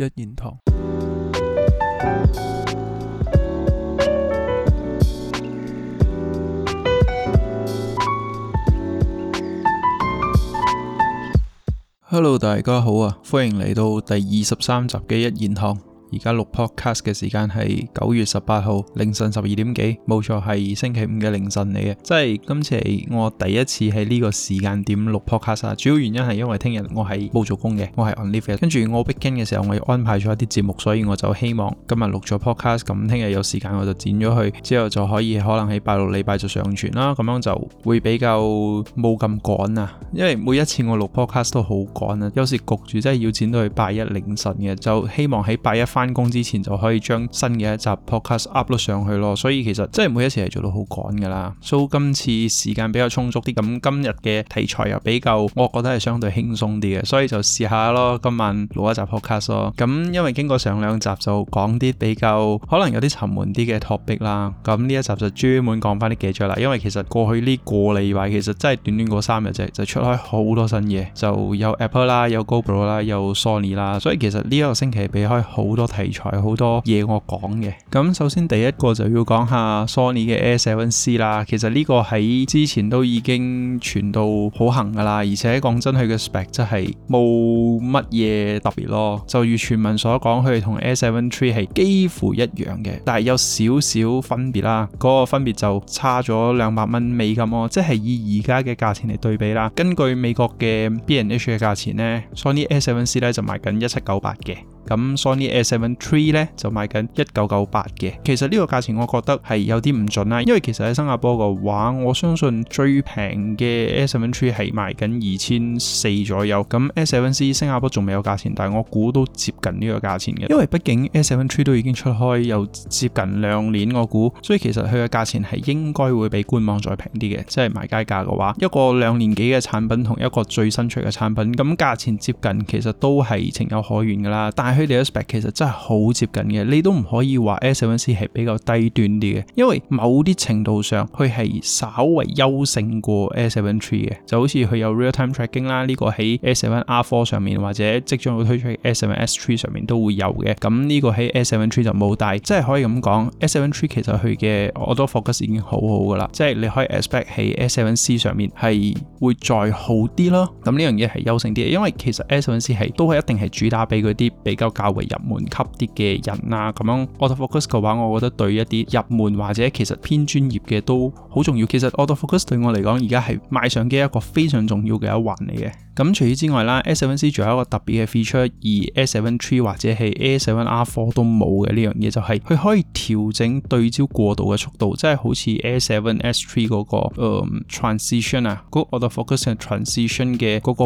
一言堂。Hello，大家好啊，歡迎嚟到第二十三集嘅一言堂。而家錄 podcast 嘅時間係九月十八號凌晨十二點幾，冇錯，係星期五嘅凌晨嚟嘅。即係今次係我第一次喺呢個時間點錄 podcast 啦、啊。主要原因係因為聽日我係冇做工嘅，我係 on leave 嘅。跟住我 begin 嘅時候，我安排咗一啲節目，所以我就希望今日錄咗 podcast，咁聽日有時間我就剪咗去，之後就可以可能喺拜六禮拜就上傳啦。咁樣就會比較冇咁趕啊。因為每一次我錄 podcast 都好趕啊，有時焗住真係要剪到去拜一凌晨嘅，就希望喺拜一翻。翻工之前就可以將新嘅一集 podcast upload 上去咯，所以其實即係每一次係做到好趕㗎啦。So，今次時間比較充足啲，咁今日嘅題材又比較，我覺得係相對輕鬆啲嘅，所以就試下咯，今晚錄一集 podcast 咯。咁因為經過上兩集就講啲比較可能有啲沉悶啲嘅 topic 啦，咁呢一集就專門講翻啲 gadgets 啦。因為其實過去呢個禮拜其實真係短短嗰三日啫，就出開好多新嘢，就有 Apple 啦，有 GoPro 啦，有 Sony 啦，所以其實呢一個星期係比開好多。題材好多嘢我講嘅，咁首先第一個就要講下 Sony 嘅 A7C 啦。其實呢個喺之前都已經傳到好行噶啦，而且講真，佢嘅 spec 真係冇乜嘢特別咯。就如傳聞所講，佢同 A7III 係幾乎一樣嘅，但係有少少分別啦。嗰、那個分別就差咗兩百蚊美金咯、喔，即係以而家嘅價錢嚟對比啦。根據美國嘅 BNH 嘅價錢呢 s o n y A7C 咧就賣緊一七九八嘅。咁 Sony A7 III 咧就賣緊一九九八嘅，其實呢個價錢我覺得係有啲唔準啦，因為其實喺新加坡嘅話，我相信最平嘅 A7 III 係賣緊二千四左右。咁 A7C 新加坡仲未有價錢，但係我估都接近呢個價錢嘅，因為畢竟 A7 III 都已經出開有接近兩年，我估，所以其實佢嘅價錢係應該會比官網再平啲嘅，即係賣街價嘅話，一個兩年幾嘅產品同一個最新出嘅產品，咁價錢接近其實都係情有可原噶啦，佢哋 spec 其實真係好接近嘅，你都唔可以話 S7C 係比較低端啲嘅，因為某啲程度上佢係稍微優勝過 S73 嘅，就好似佢有 Realtime Tracking 啦，呢、呢個喺 S7R4 上面或者即將會推出去 S7S3 上面都會有嘅，咁呢個喺 S73 就冇帶，即係可以咁講，S73 其實佢嘅 Auto Focus 已經好好噶啦，即係你可以 Expect 喺 S7C 上面係會再好啲咯，咁呢樣嘢係優勝啲，因為其實 S7C 係都係一定係主打俾嗰啲夠較為入門級啲嘅人啊，咁樣 auto focus 嘅話，我覺得對一啲入門或者其實偏專業嘅都好重要。其實 auto focus 對我嚟講，而家係買相機一個非常重要嘅一環嚟嘅。咁除此之外啦，S7C 仲有一個特別嘅 feature，而 S7III 或者係 A7R4 都冇嘅呢樣嘢，就係佢可以調整對焦過渡嘅速度，即係好似 A7SIII 嗰、嗰個、嗯、transition 啊，嗰、嗰個 auto focus 嘅 transition 嘅嗰個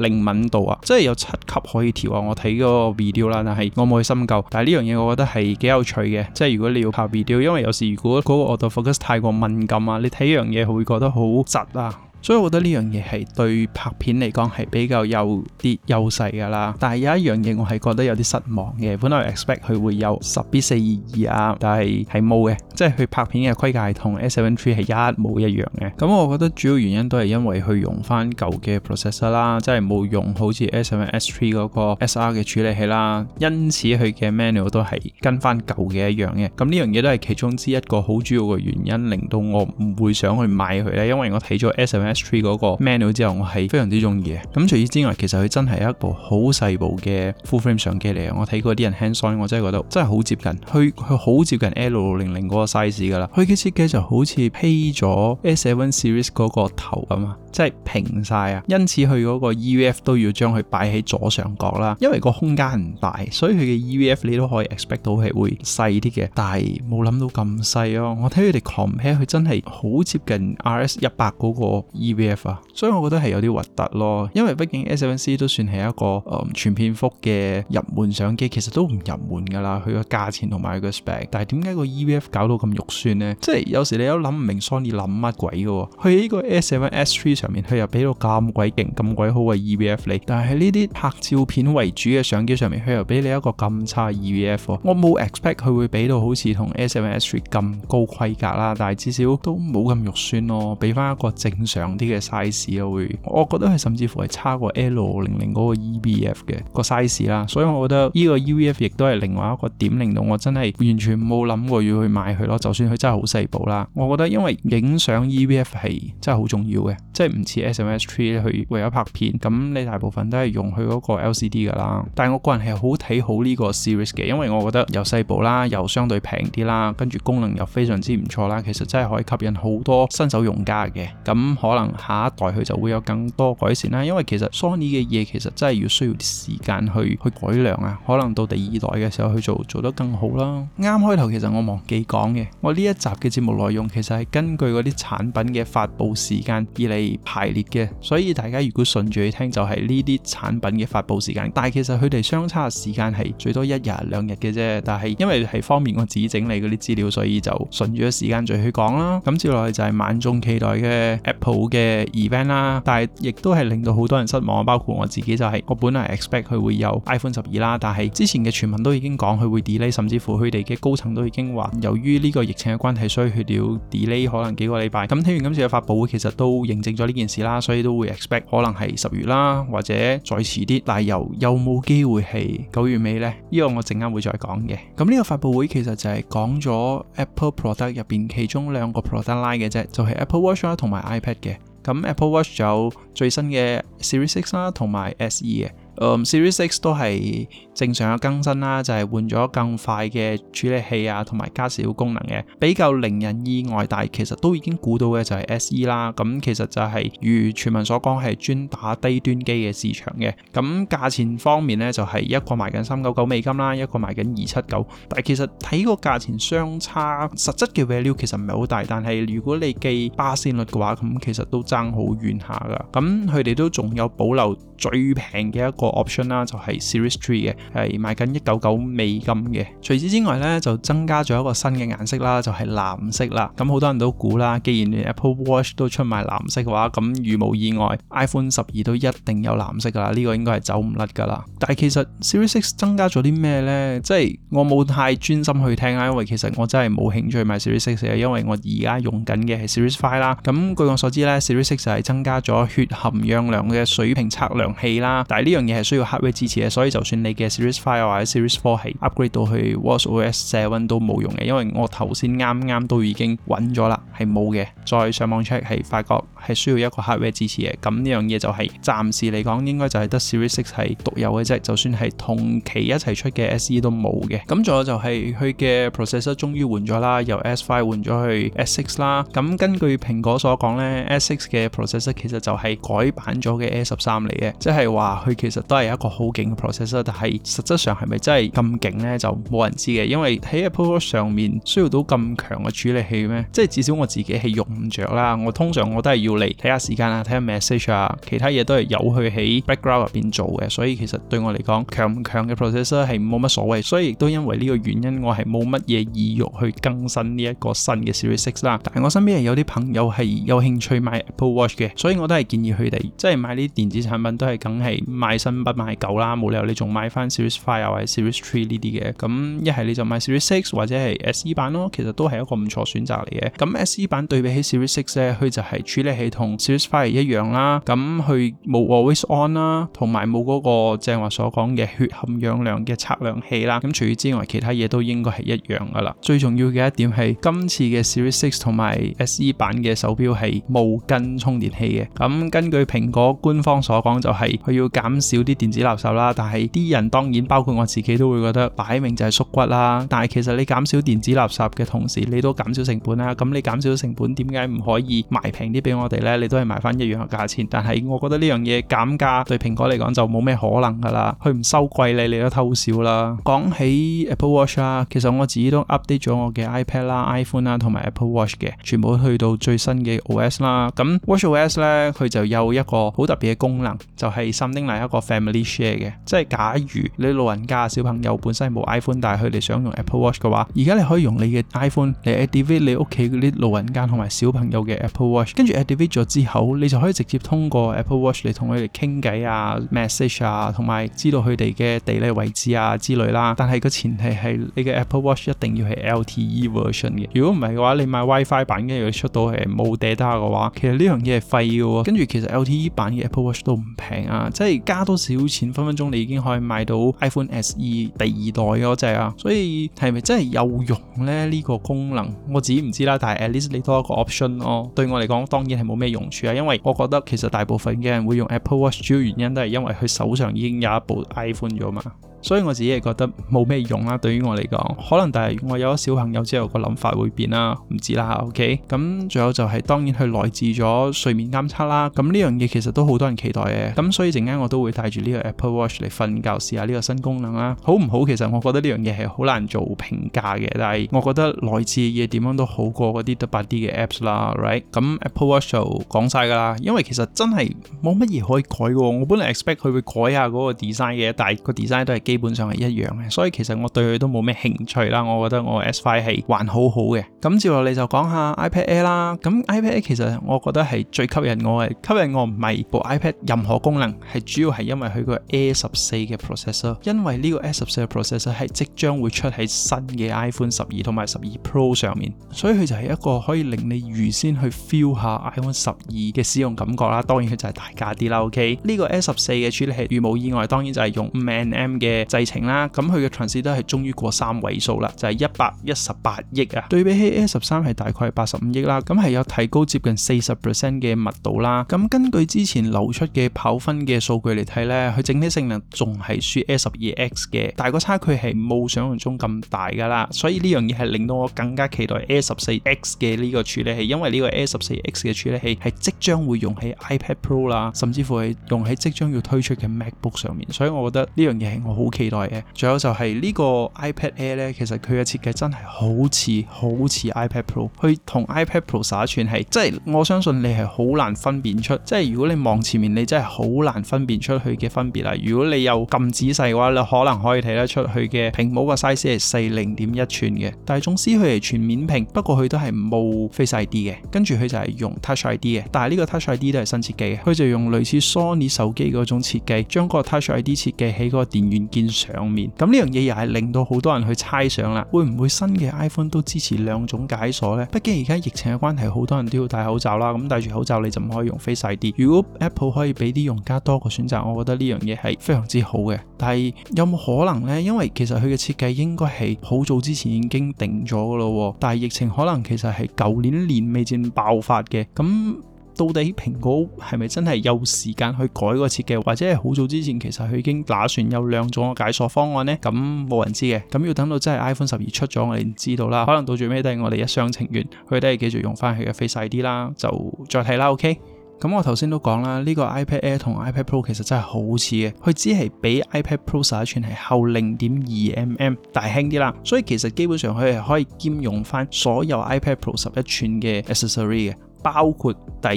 靈敏度啊，即係有七級可以調啊。我睇嗰個、v 啦，但係我冇去深究。但係呢樣嘢，我覺得係幾有趣嘅。即係如果你要拍 video，因為有時如果嗰個 auto focus 太過敏感啊，你睇呢樣嘢會覺得好窒啊。所以我覺得呢樣嘢係對拍片嚟講係比較有啲優勢㗎啦。但係有一樣嘢我係覺得有啲失望嘅，本來 expect 佢會有 10-bit 4:2:2啊，但係係冇嘅，即係佢拍片嘅規格係同 S7 III 係一模一樣嘅。咁我覺得主要原因都係因為佢用翻舊嘅 processor 啦，即係冇用好似 S7 S3 嗰個 SR 嘅處理器啦。因此佢嘅 menu 都係跟翻舊嘅一樣嘅。咁呢樣嘢都係其中之一個好主要嘅原因，令到我唔會想去買佢咧，因為我睇咗 S7。嗰個 manual 之後，我係非常之中意嘅。咁除此之外，其實佢真係一部好細部嘅 full frame 相機嚟嘅。我睇過啲人 hands-on，我真係覺得真係好接近。佢佢好接近 L 六零零嗰個 size 噶啦。佢嘅設計就好似披咗 S Seven Series 嗰個頭啊嘛，即係平晒啊。因此佢嗰個 EVF 都要將佢擺喺左上角啦。因為個空間唔大，所以佢嘅 EVF 你都可以 expect 到係會細啲嘅。但係冇諗到咁細哦、啊。我睇佢哋 compare，佢真係好接近 R S 一百嗰個。E.V.F. 啊，所以我覺得係有啲核突咯，因為畢竟 A7C 都算係一個誒、呃、全片幅嘅入門相機，其實都唔入門噶啦，佢個價錢同埋個 spec，但係點解個 E.V.F. 搞到咁肉酸呢？即係有時你都諗唔明 Sony 諗乜鬼噶？佢喺呢個 A7S3 上面，佢又俾到咁鬼勁、咁鬼好嘅 E.V.F. 你。但係呢啲拍照片為主嘅相機上面，佢又俾你一個咁差 E.V.F.、啊、我冇 expect 佢會俾到好似同 A7S3 咁高規格啦，但係至少都冇咁肉酸咯，俾翻一個正常啲嘅 size 咯，會我覺得係甚至乎係差過 L 零零嗰個 E V F 嘅個 size 啦，所以我覺得呢個 E V F 亦都係另外一個點，令到我真係完全冇諗過要去買佢咯。就算佢真係好細部啦，我覺得因為影相 E V F 係真係好重要嘅。即係唔似 SMS 3去為咗拍片，咁你大部分都係用佢嗰個 L.C.D. 噶啦。但係我個人係好睇好呢個 Series 嘅，因為我覺得又細部啦，又相對平啲啦，跟住功能又非常之唔錯啦。其實真係可以吸引好多新手用家嘅。咁可能下一代佢就會有更多改善啦，因為其實 Sony 嘅嘢其實真係要需要啲時間去去改良啊。可能到第二代嘅時候去做做得更好啦。啱開頭其實我忘記講嘅，我呢一集嘅節目內容其實係根據嗰啲產品嘅發布時間以而嚟排列嘅，所以大家如果順住去聽就係呢啲產品嘅發佈時間，但係其實佢哋相差時間係最多一日兩日嘅啫。但係因為係方便我自己整理嗰啲資料，所以就順住咗時間就去講啦。咁接落去就係萬眾期待嘅 Apple 嘅 event 啦，但係亦都係令到好多人失望，包括我自己就係、是，我本來 expect 佢會有 iPhone 十二啦，但係之前嘅傳聞都已經講佢會 delay，甚至乎佢哋嘅高層都已經話由於呢個疫情嘅關係，所以佢哋要 delay 可能幾個禮拜。咁聽完今次嘅發佈會，其實都印證。咗呢件事啦，所以都會 expect 可能係十月啦，或者再遲啲。但係又又冇機會係九月尾，尾呢。呢、呢個我陣間會再講嘅。咁呢個發布會其實就係講咗 Apple Product 入邊其中兩個 Product Line 嘅啫，就係、是、Apple Watch 啦同埋 iPad 嘅。咁 Apple Watch 有最新嘅 Series Six 啦同埋 SE 嘅、啊嗯。Series Six 都係。正常嘅更新啦，就係、是、換咗更快嘅處理器啊，同埋加少功能嘅，比較令人意外，但其實都已經估到嘅就係 SE 啦。咁其實就係、是、如傳聞所講，係專打低端機嘅市場嘅。咁價錢方面呢，就係、是、一個賣緊三九九美金啦，一個賣緊二七九，但係其實睇個價錢相差，實質嘅 value 其實唔係好大。但係如果你計巴線率嘅話，咁其實都爭好遠下㗎。咁佢哋都仲有保留最平嘅一個 option 啦，就係、是、Series Three 嘅。係賣緊一九九美金嘅。除此之外呢，就增加咗一個新嘅顏色啦，就係藍色啦。咁好多人都估啦，既然 Apple Watch 都出埋藍色嘅話，咁如無意外，iPhone 十二都一定有藍色噶啦。呢個應該係走唔甩噶啦。但係其實 Series 6增加咗啲咩呢？即係我冇太專心去聽啦，因為其實我真係冇興趣買 Series 6，因為我而家用緊嘅係 Series 5啦。咁據我所知呢，Series 6就係增加咗血含氧量嘅水平測量器啦。但係呢樣嘢係需要黑莓支持嘅，所以就算你嘅 Series Five 或者 Series Four 係 upgrade 到去 Watch OS Seven 都冇用嘅，因為我頭先啱啱都已經揾咗啦，係冇嘅。再上網 check 係發覺係需要一個 hardware 支持嘅，咁呢樣嘢就係、是、暫時嚟講應該就係得 Series Six 係獨有嘅啫，就算係同期一齊出嘅 SE 都冇嘅。咁仲有就係佢嘅 processor 終於換咗啦，由 S Five 換咗去 S Six 啦。咁根據蘋果所講咧，S Six 嘅 processor 其實就係改版咗嘅 A 十三嚟嘅，即係話佢其實都係一個好勁嘅 processor，但係。實質上係咪真係咁勁呢？就冇人知嘅，因為喺 Apple Watch 上面需要到咁強嘅處理器咩？即係至少我自己係用唔着啦。我通常我都係要嚟睇下時間啊、睇下 message 啊，其他嘢都係由佢喺 background 入邊做嘅。所以其實對我嚟講，強唔強嘅 processor 係冇乜所謂。所以亦都因為呢個原因，我係冇乜嘢意欲去更新呢一個新嘅 Series 6啦。但係我身邊係有啲朋友係有興趣買 Apple Watch 嘅，所以我都係建議佢哋，即係買啲電子產品都係梗係買新不買舊啦，冇理由你仲買翻，Series Five 或者 Series Three 呢啲嘅，咁一係你就買 Series Six 或者係 S E 版咯，其實都係一個唔錯選擇嚟嘅。咁 S E 版對比起 Series Six 咧，佢就係處理器同 Series Five 一樣啦，咁佢冇 Always On 啦，同埋冇嗰個正話所講嘅血含氧量嘅測量器啦。咁除咗之外，其他嘢都應該係一樣噶啦。最重要嘅一點係今次嘅 Series Six 同埋 S E 版嘅手錶係冇跟充電器嘅。咁根據蘋果官方所講，就係佢要減少啲電子垃圾啦，但係啲人當當然包括我自己都會覺得擺明就係縮骨啦，但係其實你減少電子垃圾嘅同時，你都減少成本啦。咁你減少成本，點解唔可以賣平啲俾我哋呢？你都係賣翻一樣嘅價錢。但係我覺得呢樣嘢減價對蘋果嚟講就冇咩可能噶啦，佢唔收貴你，你都偷笑啦。講起 Apple Watch 啦，其實我自己都 update 咗我嘅 iPad 啦、iPhone 啦同埋 Apple Watch 嘅，全部都去到最新嘅 OS 啦。咁 WatchOS 呢，佢就有一個好特別嘅功能，就係 something like 一個 Family Share 嘅，即係假如，你老人家、小朋友本身冇 iPhone，但係佢哋想用 Apple Watch 嘅話，而家你可以用你嘅 iPhone 嚟 activate 你屋企啲老人家同埋小朋友嘅 Apple Watch，跟住 activate 咗之後，你就可以直接通過 Apple Watch 嚟同佢哋傾偈啊、message 啊，同埋知道佢哋嘅地理位置啊之類啦。但係個前提係，你嘅 Apple Watch 一定要係 LTE version 嘅，如果唔係嘅話，你買 WiFi 版嘅如果出到係冇 data 嘅話，其實呢樣嘢係廢嘅。跟住其實 LTE 版嘅 Apple Watch 都唔平啊，即係加多少錢，分分鐘你已經可以買到。iPhone SE 第二代嗰隻啊，所以係咪真係有用呢？呢、呢個功能我自己唔知啦。但係 at least 你多一個 option 咯、哦。對我嚟講，當然係冇咩用處啊。因為我覺得其實大部分嘅人會用 Apple Watch 主要原因都係因為佢手上已經有一部 iPhone 咗嘛。所以我自己係覺得冇咩用啦，對於我嚟講可能但係我有咗小朋友之後個諗法會變啦，唔知啦，OK？咁仲有就係、是、當然佢內置咗睡眠監測啦，咁呢樣嘢其實都好多人期待嘅，咁所以陣間我都會帶住呢個 Apple Watch 嚟瞓覺試下呢個新功能啦，好唔好？其實我覺得呢樣嘢係好難做評價嘅，但係我覺得內置嘅嘢點樣都好過嗰啲得八 D 嘅 Apps 啦，right？咁、這個、Apple Watch 就講曬㗎啦，因為其實真係冇乜嘢可以改嘅，我本嚟 expect 佢會改下嗰個 design 嘅，但係個 design 都係。基本上係一樣嘅，所以其實我對佢都冇咩興趣啦。我覺得我 S Five 係還好好嘅。咁接落嚟就講下 iPad Air 啦。咁 iPad Air 其實我覺得係最吸引我嘅，吸引我唔係部 iPad 任何功能，係主要係因為佢個 A 十四嘅 Processor。因為呢個 A 十四嘅 Processor 係即將會出喺新嘅 iPhone 十二同埋十二 Pro 上面，所以佢就係一個可以令你預先去 feel 下 iPhone 十二嘅使用感覺啦。當然佢就係大價啲啦。OK，呢個 A 十四嘅處理器，如無意外，當然就係用 m 五 nm 嘅。製程啦，咁佢嘅 transistor 係終於過三位數啦，就係一百一十八億啊，對比起 A 十三係大概八十五億啦，咁係有提高接近四十 percent 嘅密度啦。咁根據之前流出嘅跑分嘅數據嚟睇咧，佢整體性能仲係輸 A 十二 X 嘅，但係個差距係冇想像中咁大㗎喇。所以呢樣嘢係令到我更加期待 A 十四 X 嘅呢個處理器，因為呢個 A 十四 X 嘅處理器係即將會用喺 iPad Pro 啦，甚至乎係用喺即將要推出嘅 MacBook 上面。所以我覺得呢樣嘢係我好期待嘅，仲有就係呢個 iPad Air 咧，其實佢嘅設計真係好似好似 iPad Pro，佢同 iPad Pro 十一寸係，即係我相信你係好難分辨出，即係如果你望前面，你真係好難分辨出佢嘅分別啦。如果你有咁仔細嘅話，你可能可以睇得出佢嘅屏幕個 size 係細零點一寸嘅，但係總之佢係全面屏，不過佢都係冇 Face ID 嘅，跟住佢就係用 Touch ID 嘅，但係呢個 Touch ID 都係新設計嘅，佢就用類似 Sony 手機嗰種設計，將個 Touch ID 設計喺個電源鍵上面咁呢樣嘢又係令到好多人去猜想啦，會唔會新嘅 iPhone 都支持兩種解鎖呢？畢竟而家疫情嘅關係，好多人都要戴口罩啦。咁戴住口罩，你就唔可以用 Face ID 啦，如果 Apple 可以俾啲用家多個選擇，我覺得呢樣嘢係非常之好嘅。但係有冇可能呢？因為其實佢嘅設計應該係好早之前已經定咗噶咯。但係疫情可能其實係舊年年尾先爆發嘅咁。到底蘋果係咪真係有時間去改個設計，或者係好早之前其實佢已經打算有兩種嘅解鎖方案呢？咁冇人知嘅，咁要等到真係 iPhone 十二出咗我哋知道啦。可能到最尾都係我哋一廂情願，佢都係繼續用翻佢嘅 Face ID 啦，就再睇啦。OK，咁我頭先都講啦，呢個 iPad Air 同 iPad Pro 其實真係好似嘅，佢只係比 iPad Pro 十一寸係厚零點二 mm，大輕啲啦。所以其實基本上佢係可以兼容翻所有 iPad Pro 十一寸嘅 accessory 嘅。包括第二代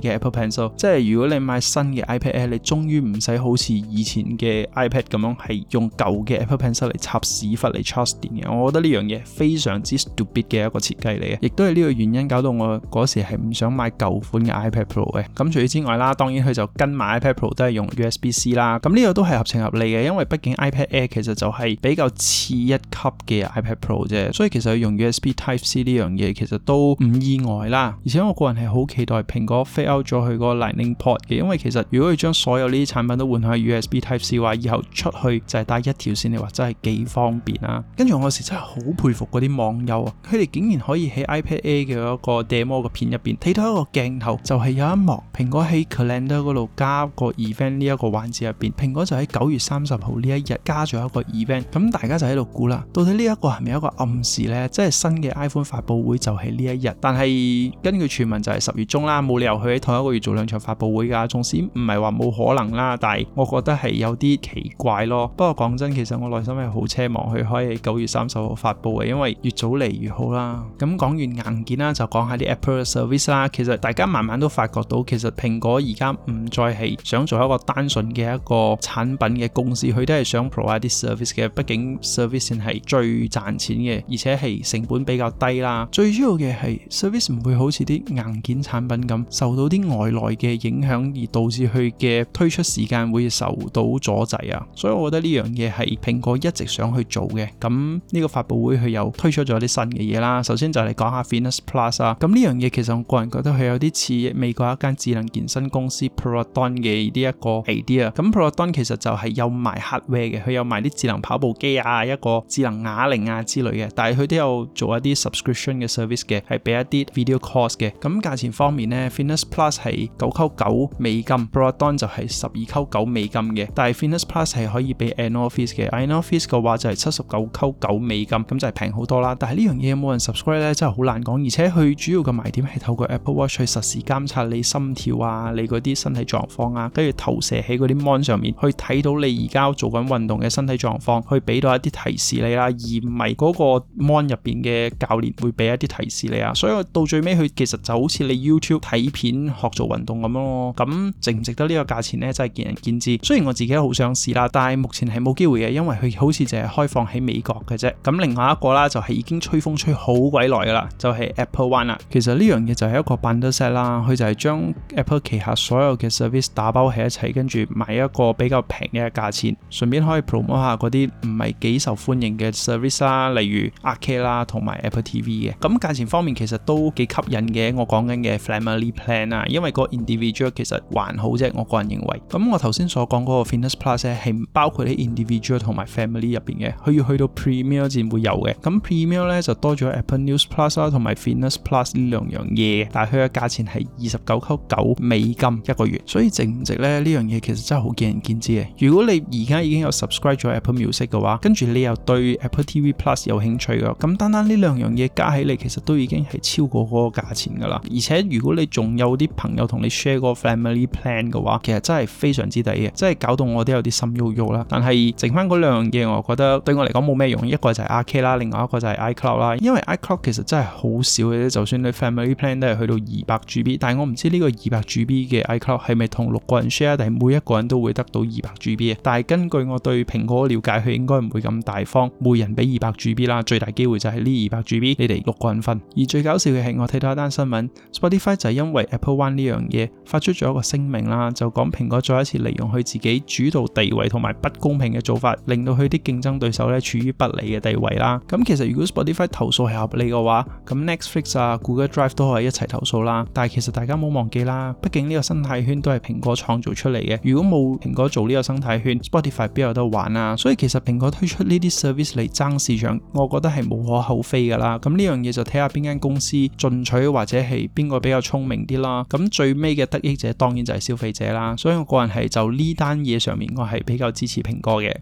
嘅 Apple Pencil，即係如果你買新嘅 iPad Air，你終於唔使好似以前嘅 iPad 咁樣，係用舊嘅 Apple Pencil 嚟插屎忽嚟 charge 電嘅。我覺得呢樣嘢非常之 stupid 嘅一個設計嚟嘅，亦都係呢個原因搞到我嗰時係唔想買舊款嘅 iPad Pro 嘅。咁除此之外啦，當然佢就跟埋 iPad Pro 都係用 USB C 啦。咁呢個都係合情合理嘅，因為畢竟 iPad Air 其實就係比較次一級嘅 iPad Pro 啫。所以其實佢用 USB Type C 呢樣嘢其實都唔意外啦。而且我係好期待蘋果 fail 咗佢嗰個 Lightning Port 嘅，因為其實如果佢將所有呢啲產品都換去 USB Type C 嘅話，以後出去就係帶一條線，你話真係幾方便啊！跟住我嗰時真係好佩服嗰啲網友啊，佢哋竟然可以喺 iPad Air 嘅一個 Demo 嘅片入邊睇到一個鏡頭，就係有一幕蘋果喺 Calendar 度加個 Event 呢一個環節入邊，蘋果就喺九月三十號呢一日加咗一個 Event，咁大家就喺度估啦，到底呢一個係咪一個暗示呢？即係新嘅 iPhone 發布會就係呢一日，但係根據傳聞，就係十月中啦，冇理由佢喺同一個月做兩場發布會㗎。縱使唔係話冇可能啦，但係我覺得係有啲奇怪咯。不過講真，其實我內心係好奢望佢可以喺九月三十號發布嘅，因為越早嚟越好啦。咁講完硬件啦，就講下啲 Apple Service 啦。其實大家慢慢都發覺到，其實蘋果而家唔再係想做一個單純嘅一個產品嘅公司，佢都係想 provide 啲 service 嘅。畢竟 service 係最賺錢嘅，而且係成本比較低啦。最主要嘅係 service 唔會好似啲硬。硬件產品咁受到啲外來嘅影響而導致佢嘅推出時間會受到阻滯啊，所以我覺得呢樣嘢係蘋果一直想去做嘅。咁呢個發布會佢又推出咗啲新嘅嘢啦。首先就嚟講下 Fitness Plus 啊，咁呢樣嘢其實我個人覺得佢有啲似美國一間智能健身公司 Proton 嘅呢一個 idea 啊。咁 Proton 其實就係有埋 hardware 嘅，佢有埋啲智能跑步機啊，一個智能啞鈴啊之類嘅，但係佢都有做一啲 subscription 嘅 service 嘅，係俾一啲 video course 嘅。咁價錢方面呢，Fitness Plus 係九溝九美金，Broadband 就係十二溝九美金嘅。但係 Fitness Plus 係可以俾 Anorface 嘅，Anorface 嘅話就係七十九溝九美金，咁就係平好多啦。但係呢樣嘢有冇人 subscribe 咧，真係好難講。而且佢主要嘅賣點係透過 Apple Watch 去實時監察你心跳啊，你嗰啲身體狀況啊，跟住投射喺嗰啲 Mon 上面，去睇到你而家做緊運動嘅身體狀況，去俾到一啲提示你啦，而唔係嗰個 Mon 入邊嘅教練會俾一啲提示你啊。所以我到最尾佢其實就好似你 YouTube 睇片，學做運動咁咯。哦，咁值唔值得個呢個價錢咧？真係見仁見智。雖然我自己都好想試啦，但係目前係冇機會嘅，因為佢好似就係開放喺美國嘅啫。咁另外一個啦，就係已經吹風吹好鬼耐噶啦，就係、是、Apple One 啦。其實呢樣嘢就係一個 bundle set 啦，佢就係將 Apple 旗下所有嘅 service 打包喺一齊，跟住買一個比較平嘅價錢，順便可以 promote 下嗰啲唔係幾受歡迎嘅 service 啦，例如 Arcade 啦同埋 Apple TV 嘅。咁價錢方面其實都幾吸引嘅，我。講緊嘅 family plan 啊，因為個 individual 其實還好啫，我個人認為。咁我頭先所講嗰個 fitness plus 咧，係包括啲 individual 同埋 family 入邊嘅，佢要去到 premier 先會有嘅。咁 premier 咧就多咗 Apple News plus 啦，同埋 fitness plus 呢兩樣嘢，但係佢嘅價錢係二十九九美金一個月，所以值唔值咧？呢樣嘢其實真係好見仁見智嘅。如果你而家已經有 subscribe 咗 Apple Music 嘅話，跟住你又對 Apple TV plus 有興趣嘅，咁單單呢兩樣嘢加起嚟，其實都已經係超過嗰個價錢㗎啦。而且如果你仲有啲朋友同你 share 個 family plan 嘅話，其實真係非常之抵嘅，真係搞到我都有啲心喐喐啦。但係剩翻嗰兩樣嘢，我覺得對我嚟講冇咩用。一個就係 R K 啦，另外一個就係 iCloud 啦。因為 iCloud 其實真係好少嘅啫，就算你 family plan 都係去到二百 G B，但係我唔知呢個二百 G B 嘅 iCloud 係咪同六個人 share，定每一個人都會得到二百 G B 啊？但係根據我對蘋果嘅瞭解，佢應該唔會咁大方，每人俾二百 G B 啦。最大機會就係呢二百 G B 你哋六個人分。而最搞笑嘅係我睇到一單新聞。Spotify 就係因為 Apple One 呢樣嘢，發出咗一個聲明啦，就講蘋果再一次利用佢自己主導地位同埋不公平嘅做法，令到佢啲競爭對手咧處於不利嘅地位啦。咁其實如果 Spotify 投訴係合理嘅話，咁 Netflix 啊、Google Drive 都可以一齊投訴啦。但係其實大家唔好忘記啦，畢竟呢個生態圈都係蘋果創造出嚟嘅。如果冇蘋果做呢個生態圈，Spotify 邊有得玩啊？所以其實蘋果推出呢啲 service 嚟爭市場，我覺得係無可厚非噶啦。咁呢樣嘢就睇下邊間公司進取或者係。邊個比較聰明啲啦？咁最尾嘅得益者當然就係消費者啦。所以我個人係就呢單嘢上面，我係比較支持蘋果嘅。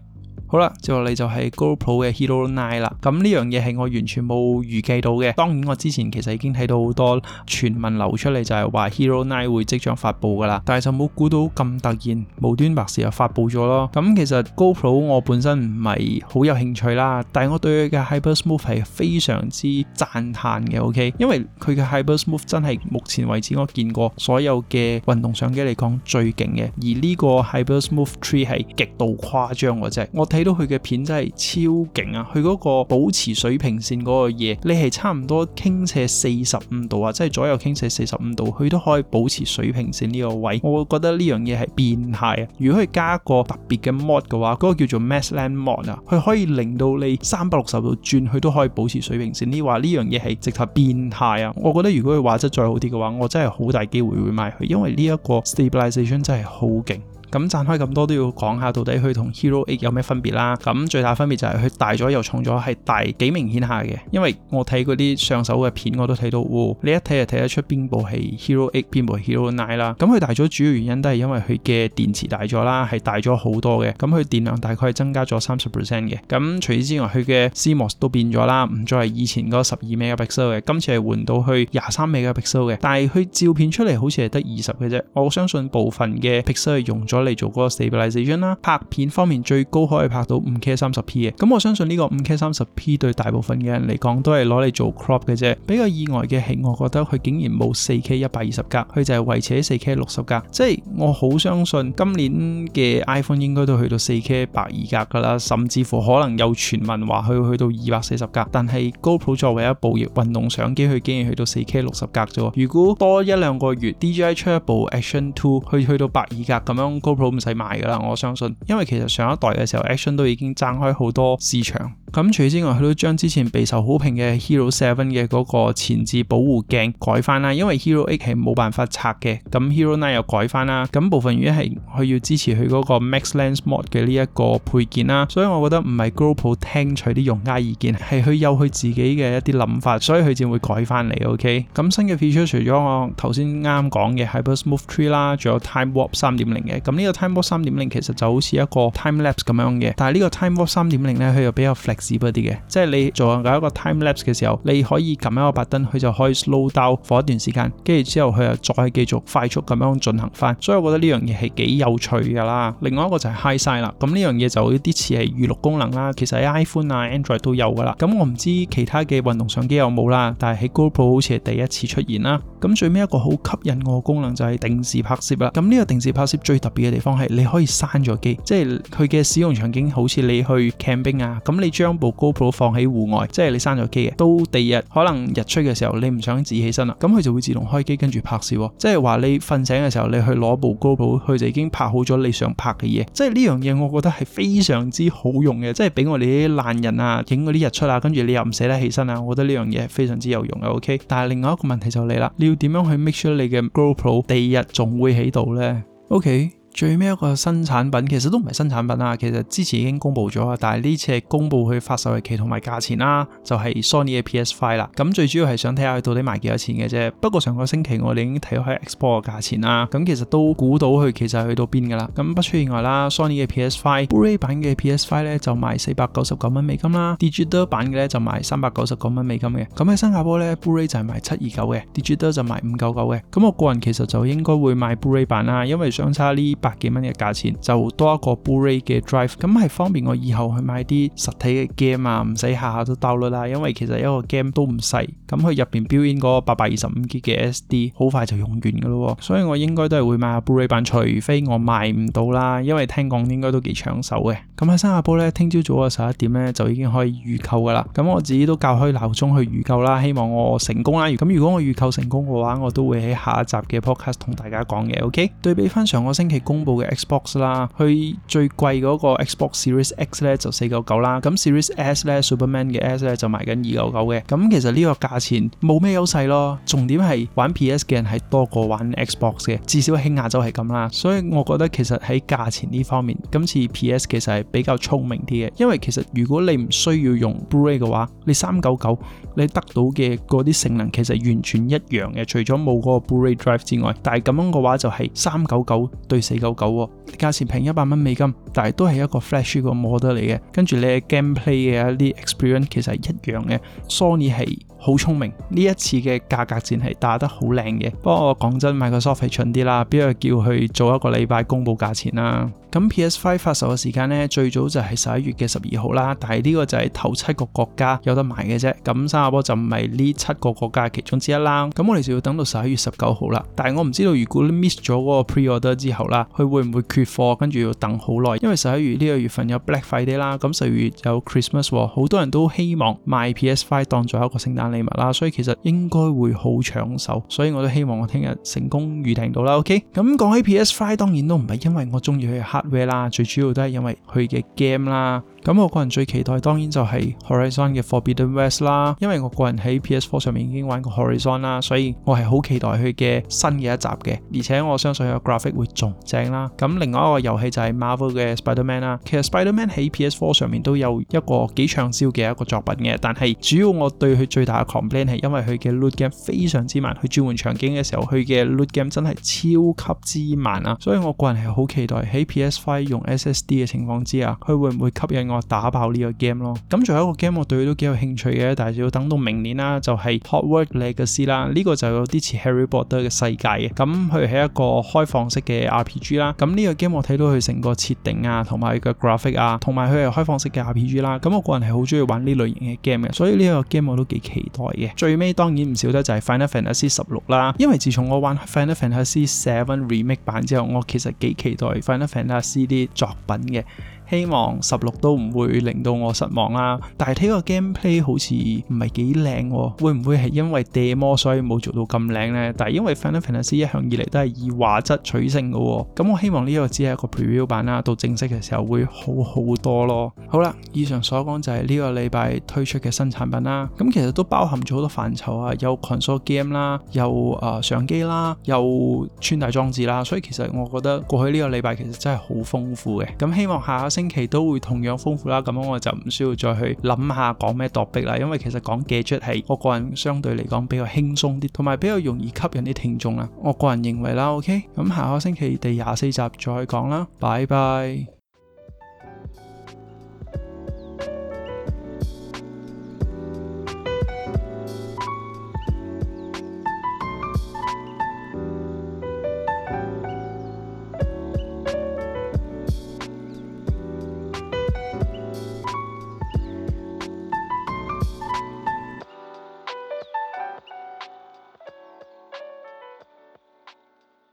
好啦，接落嚟就係 GoPro 嘅 Hero Nine 啦。咁呢樣嘢係我完全冇預計到嘅。當然我之前其實已經睇到好多傳聞流出嚟，就係話 Hero Nine 會即將發布噶啦。但係就冇估到咁突然無端白事就發布咗咯。咁其實 GoPro 我本身唔係好有興趣啦，但係我對佢嘅 HyperSmooth 係非常之讚歎嘅。OK，因為佢嘅 HyperSmooth 真係目前為止我見過所有嘅運動相機嚟講最勁嘅。而呢個 HyperSmooth 3係極度誇張嘅啫，我聽。睇到佢嘅片真係超勁啊！佢嗰個保持水平線嗰個嘢，你係差唔多傾斜四十五度啊，即係左右傾斜四十五度，佢都可以保持水平線呢個位。我覺得呢樣嘢係變態啊！如果佢加一個特別嘅 mod 嘅話，嗰個叫做 Massland Mod 啊，佢可以令到你三百六十度轉，佢都可以保持水平線。呢話呢樣嘢係直頭變態啊！我覺得如果佢畫質再好啲嘅話，我真係好大機會會買佢，因為呢一個 stabilization 真係好勁。咁讚開咁多都要講下，到底佢同 Hero 8有咩分別啦？咁最大分別就係佢大咗又重咗，係大幾明顯下嘅。因為我睇嗰啲上手嘅片我，我都睇到喎。你一睇就睇得出邊部係 Hero 8，邊部係 Hero 9啦。咁佢大咗主要原因都係因為佢嘅電池大咗啦，係大咗好多嘅。咁佢電量大概係增加咗三十 percent 嘅。咁除此之外，佢嘅 CMOS 都變咗啦，唔再係以前嗰十二 mega pixel 嘅，今次係換到去廿三 mega pixel 嘅。但係佢照片出嚟好似係得二十嘅啫。我相信部分嘅 pixel 用咗，攞嚟做嗰個 stabilization 啦，拍片方面最高可以拍到五 K 三十 P 嘅，咁我相信呢個五 K 三十 P 對大部分嘅人嚟講都係攞嚟做 crop 嘅啫。比較意外嘅係，我覺得佢竟然冇四 K 一百二十格，佢就係維持喺四 K 六十格。即係我好相信今年嘅 iPhone 應該都去到四 K 百二格噶啦，甚至乎可能有傳聞話佢會去到二百四十格。但係 GoPro 作為一部運動相機，佢竟然去到四 K 六十格啫喎。如果多一兩個月，DJI 出一部 Action Two 去去到百二格咁樣。Pro 唔使買㗎啦，我相信，因為其實上一代嘅時候 Action 都已經爭開好多市場。咁除此之外，佢都將之前備受好評嘅 Hero Seven 嘅嗰個前置保護鏡改翻啦，因為 Hero 8係冇辦法拆嘅。咁 Hero Nine 又改翻啦。咁部分原因係佢要支持佢嗰個 Max Lens Mod 嘅呢一個配件啦。所以我覺得唔係 GoPro 聽取啲用家意見，係佢有佢自己嘅一啲諗法，所以佢先會改翻嚟。OK，咁新嘅 feature 除咗我頭先啱講嘅 Hyper Smooth 3啦，仲有 Time Warp 3.0嘅。咁呢個 Time Warp 3.0其實就好似一個 Time Lapse 咁樣嘅，但係呢個 Time Warp 3.0咧，佢又比較 flex。啲嘅，即係你做另一個 time lapse 嘅時候，你可以撳一個白燈，佢就可以 slow down 放一段時間，跟住之後佢又再繼續快速咁樣進行翻。所以我覺得呢樣嘢係幾有趣噶啦。另外一個就係 high side 啦，咁呢樣嘢就啲似係預錄功能啦。其實喺 iPhone 啊、Android 都有噶啦。咁我唔知其他嘅運動相機有冇啦，但係喺 GoPro 好似係第一次出現啦。咁最尾一個好吸引我嘅功能就係定時拍攝啦。咁呢個定時拍攝最特別嘅地方係你可以閂咗機，即係佢嘅使用場景好似你去 camping 啊，咁你將部 GoPro 放喺戶外，即係你閂咗機嘅，到第二日可能日出嘅時候，你唔想自己起身啦，咁佢就會自動開機跟住拍攝，即係話你瞓醒嘅時候，你去攞部 GoPro，佢就已經拍好咗你想拍嘅嘢，即係呢樣嘢我覺得係非常之好用嘅，即係俾我哋啲爛人啊影嗰啲日出啦、啊，跟住你又唔捨得起身啊，我覺得呢樣嘢非常之有用嘅，OK。但係另外一個問題就嚟啦，你要點樣去 make sure 你嘅 GoPro 第二日仲會喺度呢？OK。最尾一個新產品其實都唔係新產品啦，其實之前已經公布咗啦，但係呢次係公布佢發售日期同埋價錢啦，就係、是、Sony 嘅 PS5 啦。咁最主要係想睇下佢到底賣幾多錢嘅啫。不過上個星期我哋已經睇開 Xbox 嘅價錢啦，咁其實都估到佢其實去到邊噶啦。咁不出意外啦，Sony 嘅 PS5 Blu-ray 版嘅 PS5 咧就賣四百九十九蚊美金啦，Digital 版嘅咧就賣三百九十九蚊美金嘅。咁喺新加坡咧，Blu-ray 就係賣七二九嘅，Digital 就賣五九九嘅。咁我個人其實就應該會買 Blu-ray 版啦，因為相差呢，百幾蚊嘅價錢就多一個 Blu-ray 嘅 drive，咁係方便我以後去買啲實體嘅 game 啊，唔使下下都到啦。因為其實一個 game 都唔細，咁佢入邊 build in 嗰個八百二十五 G 嘅 SD 好快就用完噶咯，所以我應該都係會買 Blu-ray 版，除非我買唔到啦，因為聽講應該都幾搶手嘅。咁喺新加坡咧，聽朝早嘅十一點咧就已經可以預購㗎喇。咁我自己都較開鬧鐘去預購啦，希望我成功啦。咁如果我預購成功嘅話，我都會喺下一集嘅 podcast 同大家講嘅。OK，對比翻上個星期公布嘅 Xbox 啦，去最貴嗰個 Xbox Series X 咧就四九九啦，咁 Series S 咧 Superman 嘅 S 咧就賣緊二九九嘅。咁其實呢個價錢冇咩優勢咯，重點係玩 PS 嘅人係多過玩 Xbox 嘅，至少喺亞洲係咁啦。所以我覺得其實喺價錢呢方面，今次 PS 其實係比較聰明啲嘅，因為其實如果你唔需要用 b r 態嘅話，你三九九你得到嘅嗰啲性能其實完全一樣嘅，除咗冇嗰個 r 態 drive 之外，但係咁樣嘅話就係三九九對四九九喎，價錢平一百蚊美金，但係都係一個 flash 嘅 model 嚟嘅，跟住你嘅 game play 嘅一啲 experience 其實係一樣嘅，Sony 係。好聰明，呢一次嘅價格戰係打得好靚嘅。不過講真，Microsoft 蠢啲啦，邊個叫佢早一個禮拜公布價錢啦？咁 PS5 發售嘅時間呢，最早就係十一月嘅十二號啦。但係呢個就係頭七個國家有得買嘅啫。咁新加坡就唔係呢七個國家其中之一啦。咁我哋就要等到十一月十九號啦。但係我唔知道，如果 miss 咗嗰個 preorder 之後啦，佢會唔會缺貨，跟住要等好耐？因為十一月呢個月份有 Black Friday 啦，咁十二月有 Christmas 喎，哦，好多人都希望賣 PS5 當作一個聖誕。禮物啦，所以其實應該會好搶手，所以我都希望我聽日成功預訂到啦。OK，咁講起 PS5，當然都唔係因為我中意佢嘅 hardware 啦，最主要都係因為佢嘅 game 啦。咁我個人最期待當然就係 Horizon 嘅 Forbidden West 啦，因為我個人喺 PS4 上面已經玩過 Horizon 啦，所以我係好期待佢嘅新嘅一集嘅，而且我相信佢嘅 graphic 會仲正啦。咁另外一個遊戲就係 Marvel 嘅 Spider-Man 啦，其實 Spider-Man 喺 PS4 上面都有一個幾暢銷嘅一個作品嘅，但係主要我對佢最大嘅 complaint 係因為佢嘅 load game 非常之慢，佢轉換場景嘅時候佢嘅 load game 真係超級之慢啊，所以我個人係好期待喺 PS5 用 SSD 嘅情況之下，佢會唔會吸引我？我打爆呢個 game 咯，咁仲有一個 game 我對佢都幾有興趣嘅，但係就要等到明年，就是，啦，就係 Hogwarts Legacy 啦。呢個就有啲似 Harry Potter 嘅世界嘅，咁佢係一個開放式嘅 RPG 啦。咁呢個 game 我睇到佢成個設定啊，同埋佢個 graphic 啊，同埋佢係開放式嘅 RPG 啦。咁我個人係好中意玩呢類型嘅 game 嘅，所以呢個 game 我都幾期待嘅。最尾當然唔少得就係 Final Fantasy 十六啦，因為自從我玩 Final Fantasy Seven Remake 版之後，我其實幾期待 Final Fantasy 啲作品嘅。希望十六都唔會令到我失望啦。但係睇個 gameplay 好似唔係幾靚喎，會唔會係因為 demo 所以冇做到咁靚呢？但係因為 Final Fantasy 一向以嚟都係以畫質取勝嘅喎、哦，咁我希望呢個只係一個 preview 版啦，到正式嘅時候會好好多咯。好啦，以上所講就係呢個禮拜推出嘅新產品啦。咁其實都包含咗好多範疇啊，有 console game 啦，有誒、呃、相機啦，有穿戴裝置啦，所以其實我覺得過去呢個禮拜其實真係好豐富嘅。咁希望下下星期都會同樣豐富啦，咁我就唔需要再去諗下講咩度逼啦，因為其實講技術係我個人相對嚟講比較輕鬆啲，同埋比較容易吸引啲聽眾啦。我個人認為啦，OK，咁下個星期第廿四集再講啦，拜拜。